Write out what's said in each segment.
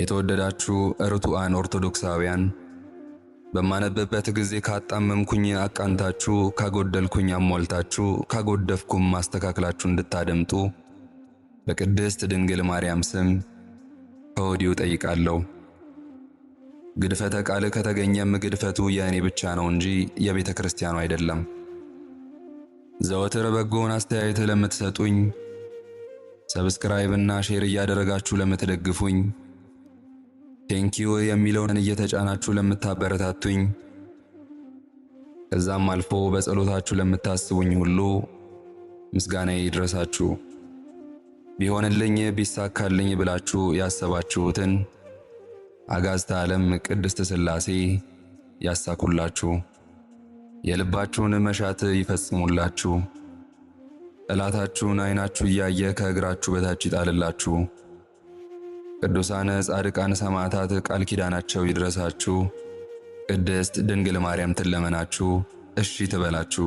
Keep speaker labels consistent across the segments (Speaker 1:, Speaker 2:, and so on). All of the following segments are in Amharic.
Speaker 1: የተወደዳችሁ ርቱዓን ኦርቶዶክሳውያን በማነብበት ጊዜ ካጣመምኩኝ አቃንታችሁ፣ ካጎደልኩኝ አሟልታችሁ፣ ካጎደፍኩም ማስተካከላችሁ እንድታደምጡ በቅድስት ድንግል ማርያም ስም ከወዲሁ ጠይቃለሁ። ግድፈተ ቃል ከተገኘም ግድፈቱ የእኔ ብቻ ነው እንጂ የቤተ ክርስቲያኑ አይደለም። ዘወትር በጎውን አስተያየት ለምትሰጡኝ፣ ሰብስክራይብና ሼር እያደረጋችሁ ለምትደግፉኝ ቴንኪዩ የሚለውን እየተጫናችሁ ለምታበረታቱኝ ከዛም አልፎ በጸሎታችሁ ለምታስቡኝ ሁሉ ምስጋና ይድረሳችሁ። ቢሆንልኝ ቢሳካልኝ ብላችሁ ያሰባችሁትን አጋዝተ ዓለም ቅድስት ሥላሴ ያሳኩላችሁ፣ የልባችሁን መሻት ይፈጽሙላችሁ፣ ጠላታችሁን ዓይናችሁ እያየ ከእግራችሁ በታች ይጣልላችሁ። ቅዱሳነ ጻድቃን ሰማዕታት ቃል ኪዳናቸው ይድረሳችሁ። ቅድስት ድንግል ማርያም ትለመናችሁ፣ እሺ ትበላችሁ።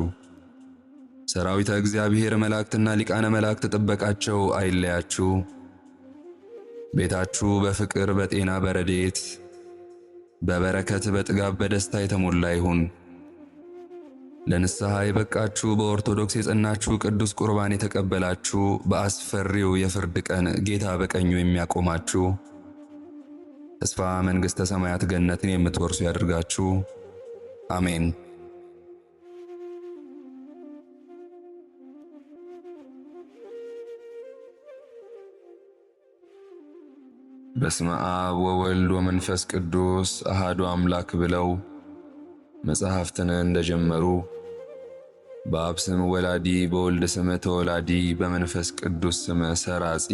Speaker 1: ሰራዊተ እግዚአብሔር መላእክትና ሊቃነ መላእክት ጥበቃቸው አይለያችሁ። ቤታችሁ በፍቅር በጤና በረዴት በበረከት በጥጋብ በደስታ የተሞላ ይሁን። ለንስሐ የበቃችሁ በኦርቶዶክስ የጸናችሁ ቅዱስ ቁርባን የተቀበላችሁ በአስፈሪው የፍርድ ቀን ጌታ በቀኙ የሚያቆማችሁ ተስፋ መንግሥተ ሰማያት ገነትን የምትወርሱ ያድርጋችሁ። አሜን። በስመ አብ ወወልድ ወመንፈስ ቅዱስ አሃዱ አምላክ ብለው መጽሐፍትን እንደጀመሩ በአብ ስም ወላዲ በወልድ ስም ተወላዲ በመንፈስ ቅዱስ ስም ሰራጺ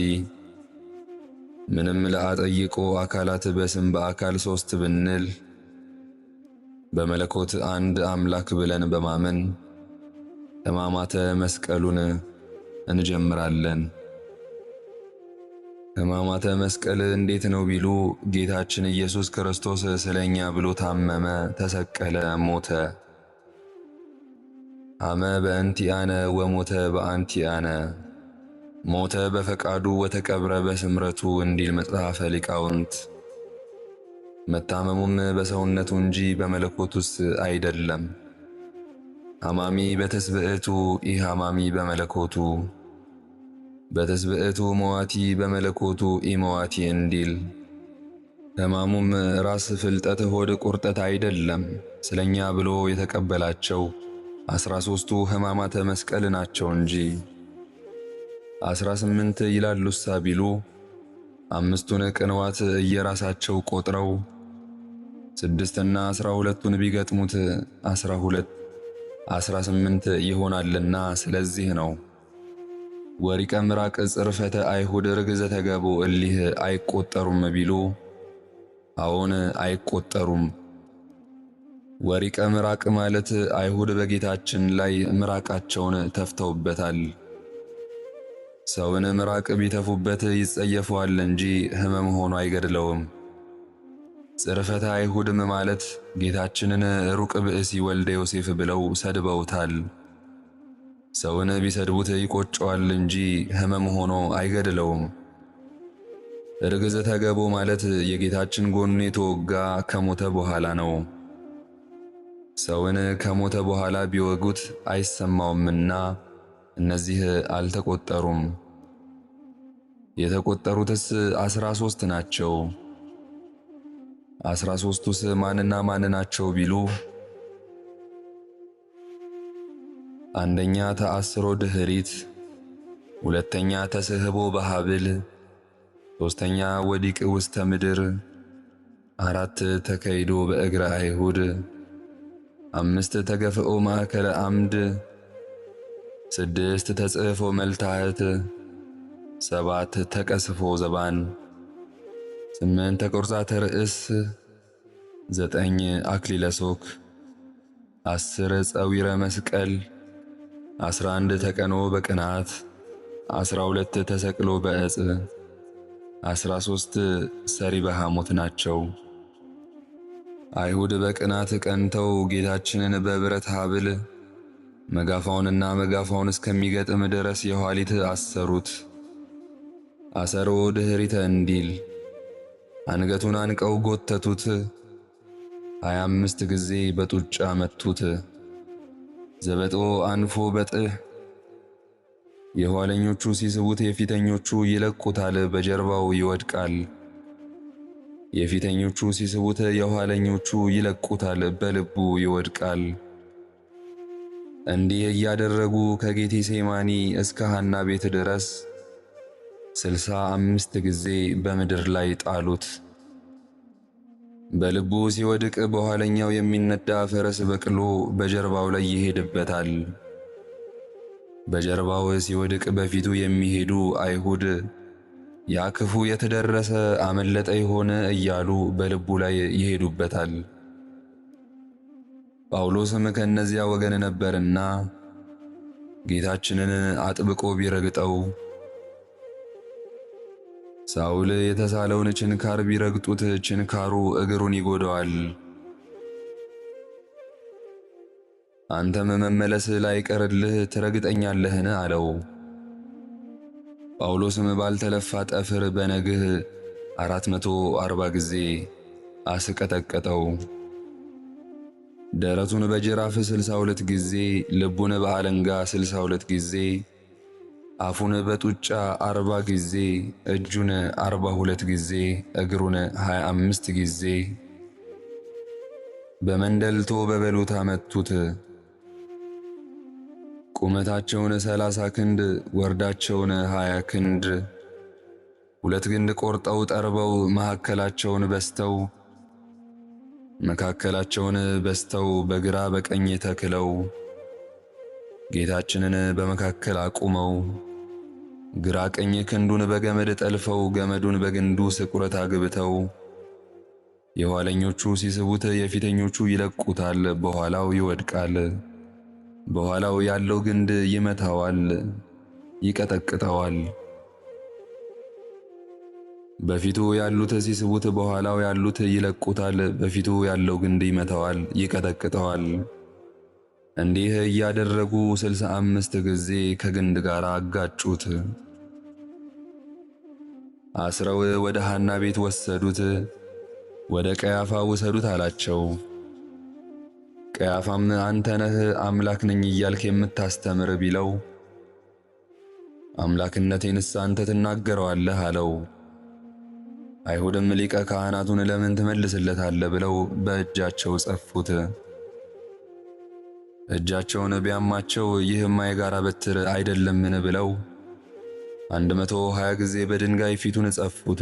Speaker 1: ምንም ለአጠይቆ አካላት በስም በአካል ሶስት ብንል በመለኮት አንድ አምላክ ብለን በማመን ሕማማተ መስቀሉን እንጀምራለን። ሕማማተ መስቀል እንዴት ነው ቢሉ ጌታችን ኢየሱስ ክርስቶስ ስለኛ ብሎ ታመመ፣ ተሰቀለ፣ ሞተ። አመ በእንቲአነ ወሞተ በአንቲአነ ሞተ በፈቃዱ ወተቀብረ በስምረቱ እንዲል መጽሐፈ ሊቃውንት። መታመሙም በሰውነቱ እንጂ በመለኮት ውስጥ አይደለም። አማሚ በተስብዕቱ አማሚ በመለኮቱ በተስብእቱ መዋቲ በመለኮቱ ኢመዋቲ እንዲል ሕማሙም ራስ ፍልጠት፣ ሆድ ቁርጠት አይደለም። ስለኛ ብሎ የተቀበላቸው አስራ ሦስቱ ሕማማተ መስቀል ናቸው እንጂ አስራ ስምንት ይላሉሳ ቢሉ አምስቱን ቅንዋት እየራሳቸው ቆጥረው ስድስትና አስራ ሁለቱን ቢገጥሙት አስራ ሁለት አስራ ስምንት ይሆናልና ስለዚህ ነው ወሪቀ ምራቅ ጽርፈተ አይሁድ ርግዘ ተገቦ እሊህ አይቆጠሩም ቢሉ አዎን አይቆጠሩም። ወሪቀ ምራቅ ማለት አይሁድ በጌታችን ላይ ምራቃቸውን ተፍተውበታል። ሰውን ምራቅ ቢተፉበት ይጸየፈዋል እንጂ ሕመም ሆኖ አይገድለውም። ጽርፈተ አይሁድም ማለት ጌታችንን ሩቅ ብእሲ ወልደ ዮሴፍ ብለው ሰድበውታል። ሰውን ቢሰድቡት ይቆጨዋል እንጂ ህመም ሆኖ አይገድለውም። እርግዝተ ገቦ ማለት የጌታችን ጎን የተወጋ ከሞተ በኋላ ነው። ሰውን ከሞተ በኋላ ቢወጉት አይሰማውምና እነዚህ አልተቆጠሩም። የተቆጠሩትስ አስራ ሶስት ናቸው። አስራ ሶስቱስ ማንና ማን ናቸው ቢሉ አንደኛ ተአስሮ ድኅሪት፣ ሁለተኛ ተስህቦ በሐብል፣ ሦስተኛ ወዲቅ ውስተ ምድር፣ አራት ተከይዶ በእግረ አይሁድ፣ አምስት ተገፍኦ ማዕከለ አምድ፣ ስድስት ተጽፎ መልታህት፣ ሰባት ተቀስፎ ዘባን፣ ስምንት ተቆርጻተ ርእስ፣ ዘጠኝ አክሊለ ሶክ፣ አስር ጸዊረ መስቀል አስራ አንድ ተቀኖ በቅናት አስራ ሁለት ተሰቅሎ በእጽ አስራ ሶስት ሰሪ በሐሞት ናቸው። አይሁድ በቅናት ቀንተው ጌታችንን በብረት ሐብል መጋፋውንና መጋፋውን እስከሚገጥም ድረስ የኋሊት አሰሩት። አሰሮ ድኅሪተ እንዲል አንገቱን አንቀው ጎተቱት። ሀያ አምስት ጊዜ በጡጫ መቱት። ዘበጦ አንፎ በጥህ የኋለኞቹ ሲስቡት የፊተኞቹ ይለቁታል፣ በጀርባው ይወድቃል። የፊተኞቹ ሲስቡት የኋለኞቹ ይለቁታል፣ በልቡ ይወድቃል። እንዲህ እያደረጉ ከጌቴ ሴማኒ እስከ ሐና ቤት ድረስ ስልሳ አምስት ጊዜ በምድር ላይ ጣሉት። በልቡ ሲወድቅ በኋለኛው የሚነዳ ፈረስ በቅሎ በጀርባው ላይ ይሄድበታል። በጀርባው ሲወድቅ በፊቱ የሚሄዱ አይሁድ ያ ክፉ የተደረሰ አመለጠ ይሆን እያሉ በልቡ ላይ ይሄዱበታል። ጳውሎስም ከእነዚያ ወገን ነበርና ጌታችንን አጥብቆ ቢረግጠው ሳውል የተሳለውን ችንካር ቢረግጡት ችንካሩ እግሩን ይጎዳዋል። አንተም መመለስ ላይቀርልህ ትረግጠኛለህን? አለው። ጳውሎስም ባልተለፋ ጠፍር በነግህ 440 ጊዜ አስቀጠቀጠው። ደረቱን በጅራፍ 62 ጊዜ፣ ልቡን በአለንጋ 62 ጊዜ አፉን በጡጫ አርባ ጊዜ እጁን አርባ ሁለት ጊዜ እግሩን ሀያ አምስት ጊዜ በመንደልቶ በበሉት አመቱት። ቁመታቸውን ሰላሳ ክንድ ወርዳቸውን ሀያ ክንድ ሁለት ግንድ ቆርጠው ጠርበው መካከላቸውን በስተው መካከላቸውን በስተው በግራ በቀኝ ተክለው ጌታችንን በመካከል አቁመው ግራ ቀኝ ክንዱን በገመድ ጠልፈው ገመዱን በግንዱ ስቁረት አግብተው የኋለኞቹ ሲስቡት የፊተኞቹ ይለቁታል፣ በኋላው ይወድቃል። በኋላው ያለው ግንድ ይመታዋል፣ ይቀጠቅጠዋል። በፊቱ ያሉት ሲስቡት በኋላው ያሉት ይለቁታል፣ በፊቱ ያለው ግንድ ይመታዋል፣ ይቀጠቅጠዋል። እንዲህ እያደረጉ ስልሳ አምስት ጊዜ ከግንድ ጋር አጋጩት። አስረው ወደ ሐና ቤት ወሰዱት። ወደ ቀያፋ ውሰዱት አላቸው። ቀያፋም አንተ ነህ አምላክ ነኝ እያልክ የምታስተምር ቢለው አምላክነቴንስ አንተ ትናገረዋለህ አለው። አይሁድም ሊቀ ካህናቱን ለምን ትመልስለታለህ ብለው በእጃቸው ጸፉት። እጃቸውን ቢያማቸው ይህማ የጋራ በትር አይደለምን ብለው አንድ መቶ ሀያ ጊዜ በድንጋይ ፊቱን ጸፉት።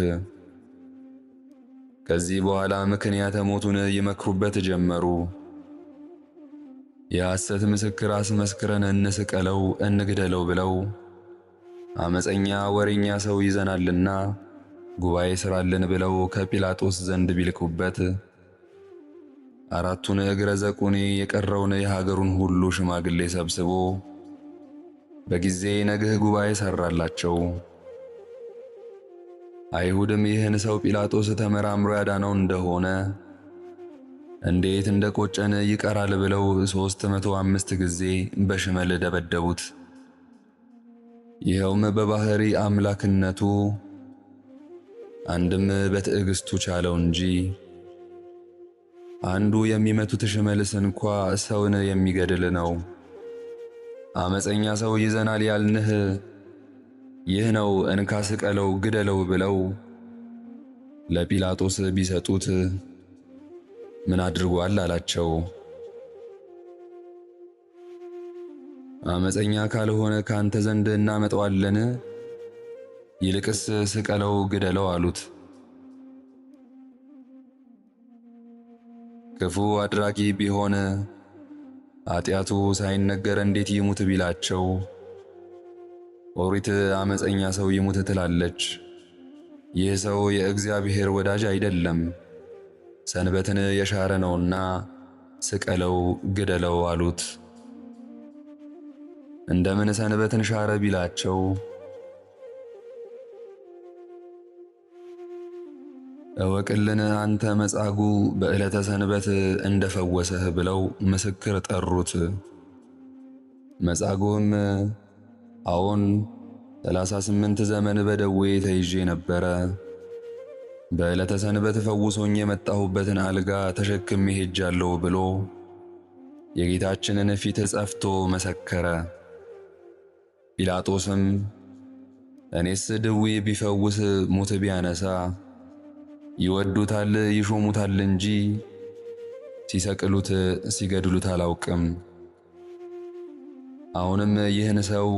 Speaker 1: ከዚህ በኋላ ምክንያተ ሞቱን ይመክሩበት ጀመሩ። የሐሰት ምስክር አስመስክረን እንስቀለው፣ እንግደለው ብለው አመፀኛ ወሬኛ ሰው ይዘናልና ጉባኤ ስራልን ብለው ከጲላጦስ ዘንድ ቢልኩበት አራቱን እግረ ዘቁኔ የቀረውን የሀገሩን ሁሉ ሽማግሌ ሰብስቦ በጊዜ ነግህ ጉባኤ ሠራላቸው። አይሁድም ይህን ሰው ጲላጦስ ተመራምሮ ያዳነው እንደሆነ እንዴት እንደ ቆጨን ይቀራል ብለው ሦስት መቶ አምስት ጊዜ በሽመል ደበደቡት። ይኸውም በባሕሪ አምላክነቱ አንድም በትዕግሥቱ ቻለው እንጂ አንዱ የሚመቱት ሽመልስ እንኳ ሰውን የሚገድል ነው። አመፀኛ ሰው ይዘናል ያልንህ ይህ ነው። እንካ ስቀለው፣ ግደለው ብለው ለጲላጦስ ቢሰጡት ምን አድርጓል አላቸው። አመፀኛ ካልሆነ ካንተ ዘንድ እናመጣዋለን፣ ይልቅስ ስቀለው፣ ግደለው አሉት። ክፉ አድራጊ ቢሆን ኃጢአቱ ሳይነገር እንዴት ይሙት ቢላቸው፣ ኦሪት አመፀኛ ሰው ይሙት ትላለች። ይህ ሰው የእግዚአብሔር ወዳጅ አይደለም፣ ሰንበትን የሻረ ነውና ስቀለው፣ ግደለው አሉት። እንደምን ሰንበትን ሻረ ቢላቸው እወቅልን አንተ መጻጉ በዕለተ ሰንበት እንደፈወሰህ ብለው ምስክር ጠሩት። መጻጉም አዎን፣ ሰላሳ ስምንት ዘመን በደዌ ተይዤ ነበረ። በዕለተ ሰንበት ፈውሶኝ የመጣሁበትን አልጋ ተሸክሜ ሄጃለሁ ብሎ የጌታችንን ፊት ጸፍቶ መሰከረ። ጲላጦስም እኔስ ድዌ ቢፈውስ ሙት ቢያነሳ ይወዱታል ይሾሙታል እንጂ ሲሰቅሉት ሲገድሉት አላውቅም። አሁንም ይህን ሰው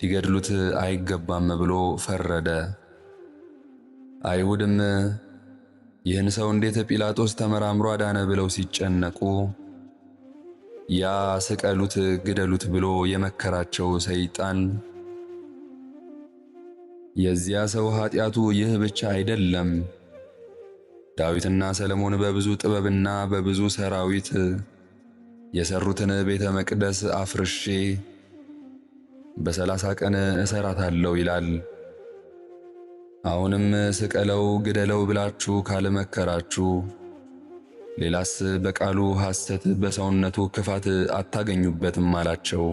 Speaker 1: ሊገድሉት አይገባም ብሎ ፈረደ። አይሁድም ይህን ሰው እንዴት ጲላጦስ ተመራምሮ አዳነ ብለው ሲጨነቁ ያ ስቀሉት ግደሉት ብሎ የመከራቸው ሰይጣን የዚያ ሰው ኃጢአቱ ይህ ብቻ አይደለም። ዳዊትና ሰለሞን በብዙ ጥበብና በብዙ ሰራዊት የሰሩትን ቤተ መቅደስ አፍርሼ በሰላሳ ቀን እሰራታለሁ ይላል። አሁንም ስቀለው ግደለው ብላችሁ ካልመከራችሁ ሌላስ በቃሉ ሐሰት በሰውነቱ ክፋት አታገኙበትም አላቸው።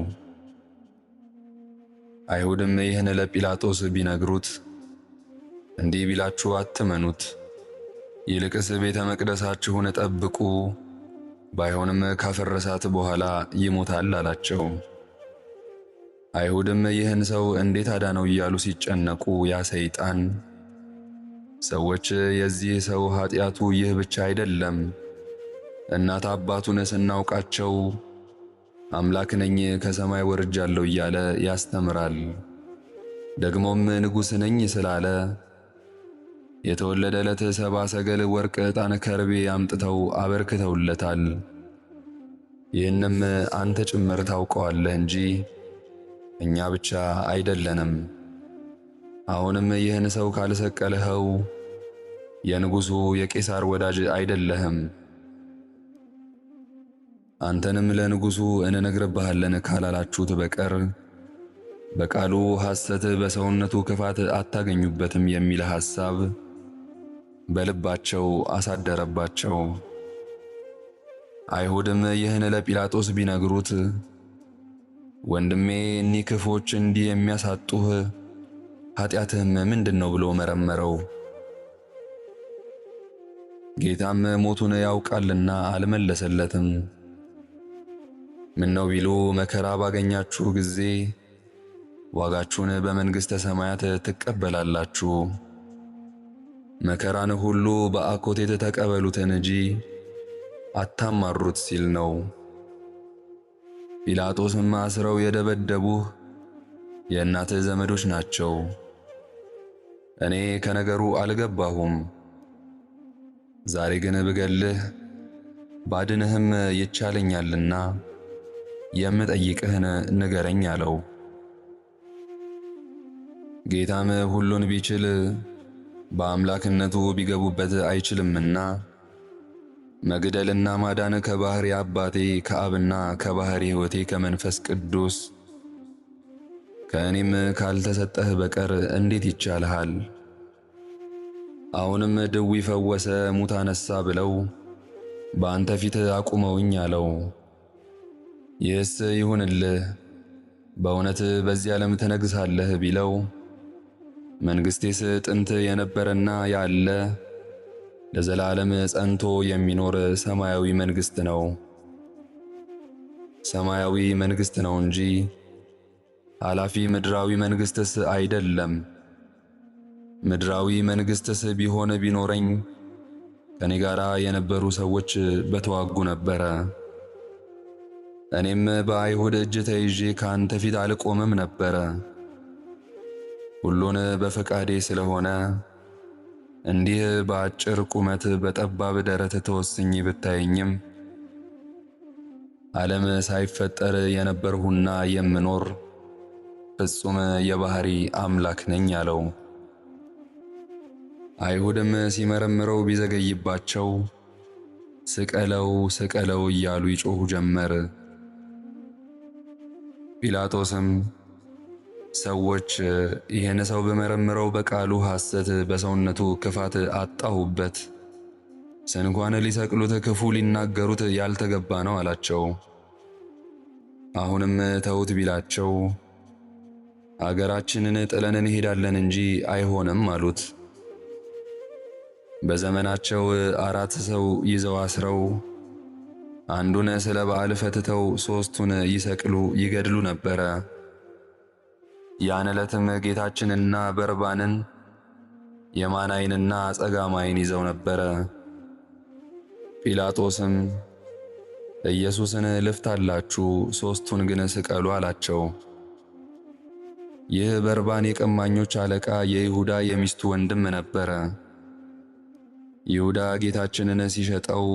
Speaker 1: አይሁድም ይህን ለጲላጦስ ቢነግሩት እንዲህ ቢላችሁ አትመኑት፣ ይልቅስ ቤተ መቅደሳችሁን ጠብቁ፣ ባይሆንም ካፈረሳት በኋላ ይሞታል አላቸው። አይሁድም ይህን ሰው እንዴት አዳነው እያሉ ሲጨነቁ ያ ሰይጣን ሰዎች የዚህ ሰው ኃጢአቱ ይህ ብቻ አይደለም እናት አባቱን ስናውቃቸው አምላክ ነኝ ከሰማይ ወርጃለሁ እያለ ያስተምራል። ደግሞም ንጉሥ ነኝ ስላለ የተወለደ ዕለት ሰባ ሰገል ወርቅ፣ ዕጣን፣ ከርቤ አምጥተው አበርክተውለታል። ይህንም አንተ ጭምር ታውቀዋለህ እንጂ እኛ ብቻ አይደለንም። አሁንም ይህን ሰው ካልሰቀልኸው የንጉሡ የቄሳር ወዳጅ አይደለህም። አንተንም ለንጉሡ እንነግርብሃለን ካላላችሁት በቀር በቃሉ ሐሰት በሰውነቱ ክፋት አታገኙበትም የሚል ሐሳብ በልባቸው አሳደረባቸው። አይሁድም ይህን ለጲላጦስ ቢነግሩት ወንድሜ እኒህ ክፎች እንዲህ የሚያሳጡህ ኃጢአትህም ምንድን ነው ብሎ መረመረው። ጌታም ሞቱን ያውቃልና አልመለሰለትም። ነው ቢሉ መከራ ባገኛችሁ ጊዜ ዋጋችሁን በመንግሥተ ሰማያት ትቀበላላችሁ። መከራን ሁሉ በአኮቴት ተቀበሉትን እንጂ አታማሩት ሲል ነው። ጲላጦስም አስረው የደበደቡህ የእናትህ ዘመዶች ናቸው። እኔ ከነገሩ አልገባሁም። ዛሬ ግን ብገልህ ባድንህም ይቻለኛልና የምጠይቅህን ንገረኝ አለው። ጌታም ሁሉን ቢችል በአምላክነቱ ቢገቡበት አይችልምና መግደልና ማዳን ከባህር አባቴ ከአብና ከባህር ሕይወቴ ከመንፈስ ቅዱስ ከእኔም ካልተሰጠህ በቀር እንዴት ይቻልሃል? አሁንም ድዊ ፈወሰ፣ ሙት አነሳ ብለው በአንተ ፊት አቁመውኝ አለው። ይህስ ይሁንልህ በእውነት በዚህ ዓለም ተነግሳለህ ቢለው መንግሥቴስ ጥንት የነበረና ያለ ለዘላለም ጸንቶ የሚኖር ሰማያዊ መንግሥት ነው። ሰማያዊ መንግሥት ነው እንጂ ኃላፊ ምድራዊ መንግሥትስ አይደለም። ምድራዊ መንግሥትስ ቢሆን ቢኖረኝ ከኔ ጋር የነበሩ ሰዎች በተዋጉ ነበረ። እኔም በአይሁድ እጅ ተይዤ ከአንተ ፊት አልቆምም ነበረ። ሁሉን በፈቃዴ ስለሆነ እንዲህ በአጭር ቁመት በጠባብ ደረት ተወስኝ ብታየኝም ዓለም ሳይፈጠር የነበርሁና የምኖር ፍጹም የባህሪ አምላክ ነኝ አለው። አይሁድም ሲመረምረው ቢዘገይባቸው ስቀለው ስቀለው እያሉ ይጮኹ ጀመር። ጲላጦስም ሰዎች ይህን ሰው በመረምረው በቃሉ ሐሰት በሰውነቱ ክፋት አጣሁበት፣ ስንኳን ሊሰቅሉት ክፉ ሊናገሩት ያልተገባ ነው አላቸው። አሁንም ተውት ቢላቸው አገራችንን ጥለን እንሄዳለን እንጂ አይሆንም አሉት። በዘመናቸው አራት ሰው ይዘው አስረው አንዱን ስለ በዓል ፈትተው ሦስቱን ይሰቅሉ ይገድሉ ነበረ። ያን ዕለትም ጌታችንና በርባንን የማናይንና ጸጋማይን ይዘው ነበረ። ጲላጦስም ኢየሱስን ልፍታላችሁ፣ ሦስቱን ግን ስቀሉ አላቸው። ይህ በርባን የቀማኞች አለቃ የይሁዳ የሚስቱ ወንድም ነበረ። ይሁዳ ጌታችንን ሲሸጠው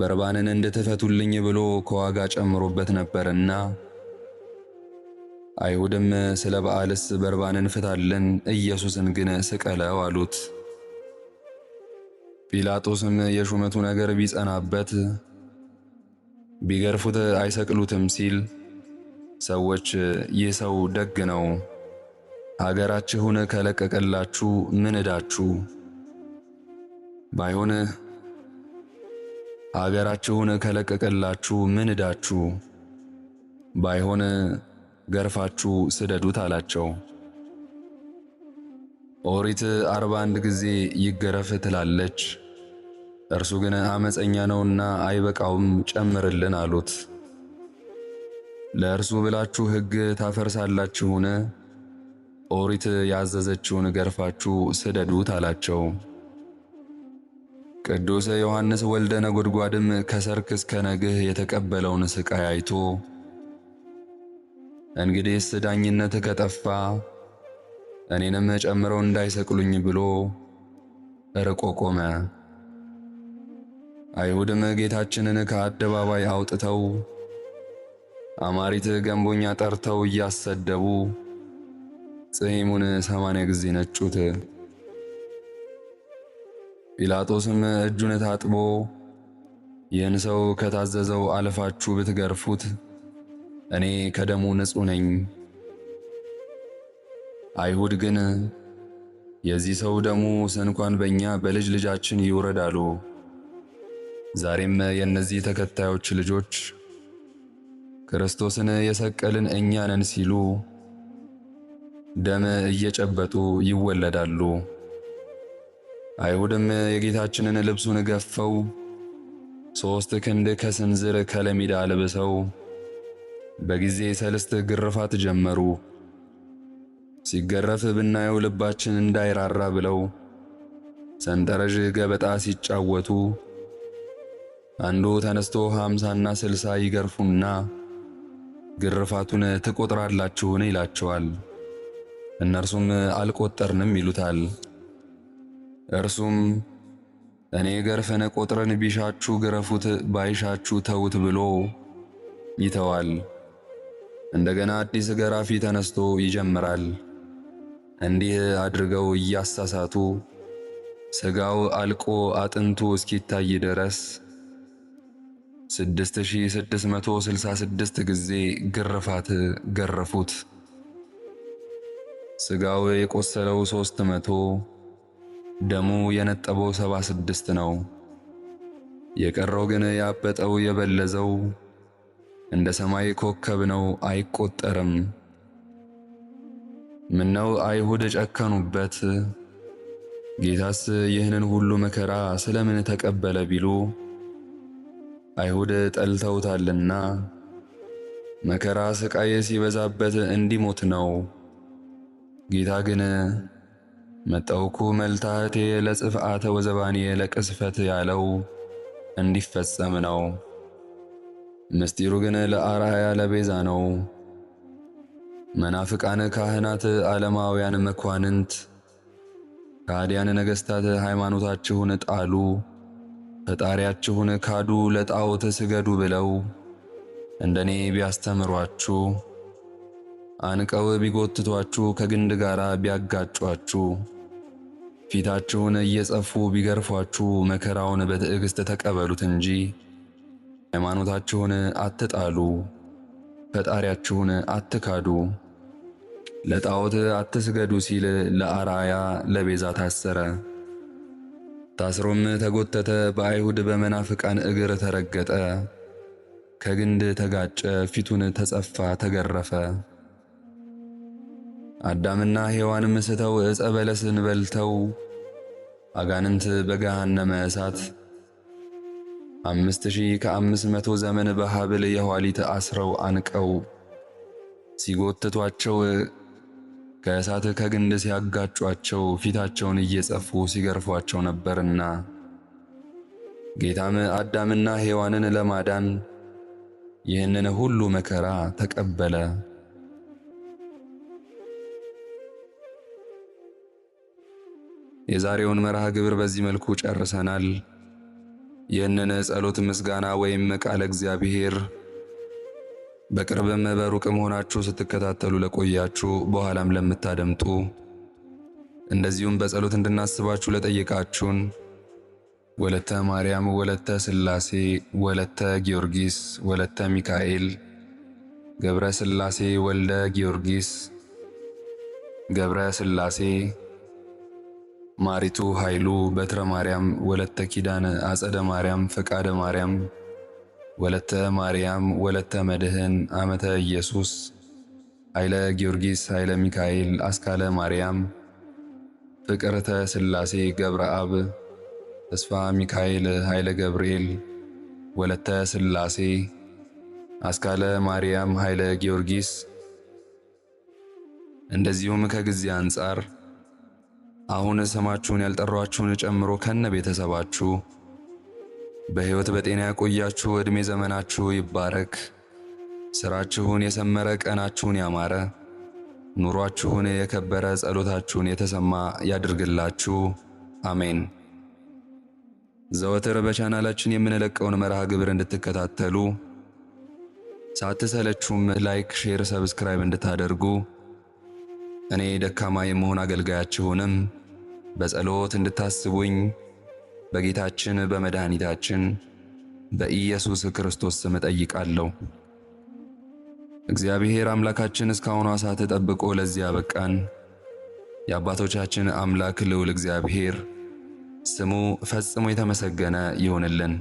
Speaker 1: በርባንን እንድትፈቱልኝ ብሎ ከዋጋ ጨምሮበት ነበርና አይሁድም ስለ በዓልስ በርባንን ፍታልን፣ ኢየሱስን ግን ስቀለው አሉት። ጲላጦስም የሹመቱ ነገር ቢጸናበት ቢገርፉት አይሰቅሉትም ሲል ሰዎች ይህ ሰው ደግ ነው፣ አገራችሁን ከለቀቀላችሁ ምን ዕዳችሁ ባይሆን አገራችሁን ከለቀቀላችሁ ምን ዕዳችሁ? ባይሆን ገርፋችሁ ስደዱት አላቸው። ኦሪት አርባ አንድ ጊዜ ይገረፍ ትላለች። እርሱ ግን አመፀኛ ነውና አይበቃውም ጨምርልን አሉት። ለእርሱ ብላችሁ ሕግ ታፈርሳላችሁን? ኦሪት ያዘዘችውን ገርፋችሁ ስደዱት አላቸው። ቅዱስ ዮሐንስ ወልደ ነጎድጓድም ከሰርክ እስከ ነግህ የተቀበለውን ስቃይ አይቶ እንግዲህስ ዳኝነት ከጠፋ እኔንም ጨምረው እንዳይሰቅሉኝ ብሎ ርቆ ቆመ። አይሁድም ጌታችንን ከአደባባይ አውጥተው አማሪት ገንቦኛ ጠርተው እያሰደቡ ጽሒሙን ሰማንያ ጊዜ ነጩት። ጲላጦስም እጁን ታጥቦ ይህን ሰው ከታዘዘው አልፋችሁ ብትገርፉት እኔ ከደሙ ንጹሕ ነኝ። አይሁድ ግን የዚህ ሰው ደሙ ስንኳን በእኛ በልጅ ልጃችን ይውረድ አሉ። ዛሬም የእነዚህ ተከታዮች ልጆች ክርስቶስን የሰቀልን እኛ ነን ሲሉ ደም እየጨበጡ ይወለዳሉ። አይሁድም የጌታችንን ልብሱን ገፈው ሦስት ክንድ ከስንዝር ከለሚዳ አልብሰው በጊዜ ሰልስት ግርፋት ጀመሩ። ሲገረፍ ብናየው ልባችን እንዳይራራ ብለው ሰንጠረዥ ገበጣ ሲጫወቱ አንዱ ተነስቶ ሃምሳና ስልሳ ይገርፉና ግርፋቱን ትቆጥራላችሁን ይላቸዋል። እነርሱም አልቆጠርንም ይሉታል። እርሱም እኔ ገርፈነ ቆጥረን ቢሻችሁ ግረፉት፣ ባይሻችሁ ተዉት ብሎ ይተዋል። እንደገና አዲስ ገራፊ ተነስቶ ይጀምራል። እንዲህ አድርገው እያሳሳቱ ሥጋው አልቆ አጥንቱ እስኪታይ ድረስ 6666 ጊዜ ግርፋት ገረፉት። ሥጋው የቆሰለው 300 መቶ ደሙ የነጠበው ሰባ ስድስት ነው። የቀረው ግን ያበጠው የበለዘው እንደ ሰማይ ኮከብ ነው፣ አይቆጠርም። ምነው አይሁድ ጨከኑበት፣ ጌታስ ይህንን ሁሉ መከራ ስለምን ተቀበለ ቢሉ አይሁድ ጠልተውታልና መከራ ስቃይ ሲበዛበት እንዲሞት ነው። ጌታ ግን መጠውኩ መልታቴ ለጽፍአተ ወዘባኔ ለቅስፈት ያለው እንዲፈጸም ነው። ምስጢሩ ግን ለአርአያ ለቤዛ ነው። መናፍቃን ካህናት፣ ዓለማውያን መኳንንት፣ ካዲያን ነገሥታት ሃይማኖታችሁን ጣሉ፣ ፈጣሪያችሁን ካዱ፣ ለጣዖት ስገዱ ብለው እንደኔ ቢያስተምሯችሁ አንቀው ቢጎትቷችሁ ከግንድ ጋር ቢያጋጯችሁ ፊታችሁን እየጸፉ ቢገርፏችሁ መከራውን በትዕግሥት ተቀበሉት እንጂ ሃይማኖታችሁን አትጣሉ፣ ፈጣሪያችሁን አትካዱ። ለጣዖት አትስገዱ ሲል ለአራያ ለቤዛ ታሰረ። ታስሮም ተጎተተ፣ በአይሁድ በመናፍቃን እግር ተረገጠ፣ ከግንድ ተጋጨ፣ ፊቱን ተጸፋ፣ ተገረፈ። አዳምና ሔዋንም ስተው ዕፀ በለስን በልተው አጋንንት በገሃነመ እሳት አምስት ሺህ ከአምስት መቶ ዘመን በሐብል የኋሊት አስረው አንቀው ሲጎትቷቸው ከእሳት ከግንድ ሲያጋጯቸው ፊታቸውን እየጸፉ ሲገርፏቸው ነበርና ጌታም አዳምና ሔዋንን ለማዳን ይህንን ሁሉ መከራ ተቀበለ። የዛሬውን መርሃ ግብር በዚህ መልኩ ጨርሰናል። ይህንን ጸሎት፣ ምስጋና ወይም ቃለ እግዚአብሔር በቅርብም በሩቅም ሆናችሁ ስትከታተሉ ለቆያችሁ በኋላም ለምታደምጡ እንደዚሁም በጸሎት እንድናስባችሁ ለጠየቃችሁን ወለተ ማርያም፣ ወለተ ስላሴ፣ ወለተ ጊዮርጊስ፣ ወለተ ሚካኤል፣ ገብረ ሥላሴ፣ ወልደ ጊዮርጊስ፣ ገብረ ስላሴ ወልደ ጊዮርጊስ ገብረ ስላሴ። ማሪቱ ኃይሉ፣ በትረ ማርያም፣ ወለተ ኪዳነ፣ አጸደ ማርያም፣ ፈቃደ ማርያም፣ ወለተ ማርያም፣ ወለተ መድህን፣ አመተ ኢየሱስ፣ ኃይለ ጊዮርጊስ፣ ኃይለ ሚካኤል፣ አስካለ ማርያም፣ ፍቅርተ ሥላሴ፣ ገብረ አብ፣ ተስፋ ሚካኤል፣ ኃይለ ገብርኤል፣ ወለተ ሥላሴ፣ አስካለ ማርያም፣ ኃይለ ጊዮርጊስ እንደዚሁም ከጊዜ አንጻር አሁን ስማችሁን ያልጠሯችሁን ጨምሮ ከነ ቤተሰባችሁ በሕይወት በጤና ያቆያችሁ፣ ዕድሜ ዘመናችሁ ይባረክ። ሥራችሁን የሰመረ፣ ቀናችሁን ያማረ፣ ኑሯችሁን የከበረ፣ ጸሎታችሁን የተሰማ ያድርግላችሁ። አሜን። ዘወትር በቻናላችን የምንለቀውን መርሃ ግብር እንድትከታተሉ ሳትሰለችሁም ላይክ፣ ሼር፣ ሰብስክራይብ እንድታደርጉ እኔ ደካማ የመሆን አገልጋያችሁንም በጸሎት እንድታስቡኝ በጌታችን በመድኃኒታችን በኢየሱስ ክርስቶስ ስም እጠይቃለሁ። እግዚአብሔር አምላካችን እስካሁኗ ሰዓት ጠብቆ ለዚህ ያበቃን የአባቶቻችን አምላክ ልዑል እግዚአብሔር ስሙ ፈጽሞ የተመሰገነ ይሆንልን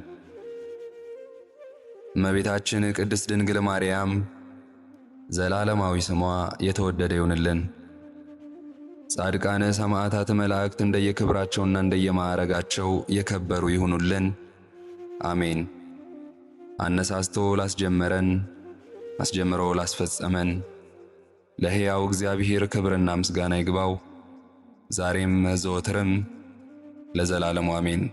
Speaker 1: እመቤታችን ቅድስት ድንግል ማርያም ዘላለማዊ ስሟ የተወደደ ይሆንልን። ጻድቃነ ሰማዕታት፣ መላእክት እንደየክብራቸውና እንደየማዕረጋቸው የከበሩ ይሁኑልን። አሜን። አነሳስቶ ላስጀመረን አስጀምሮ ላስፈጸመን ለሕያው እግዚአብሔር ክብርና ምስጋና ይግባው ዛሬም ዘወትርም ለዘላለሙ አሜን።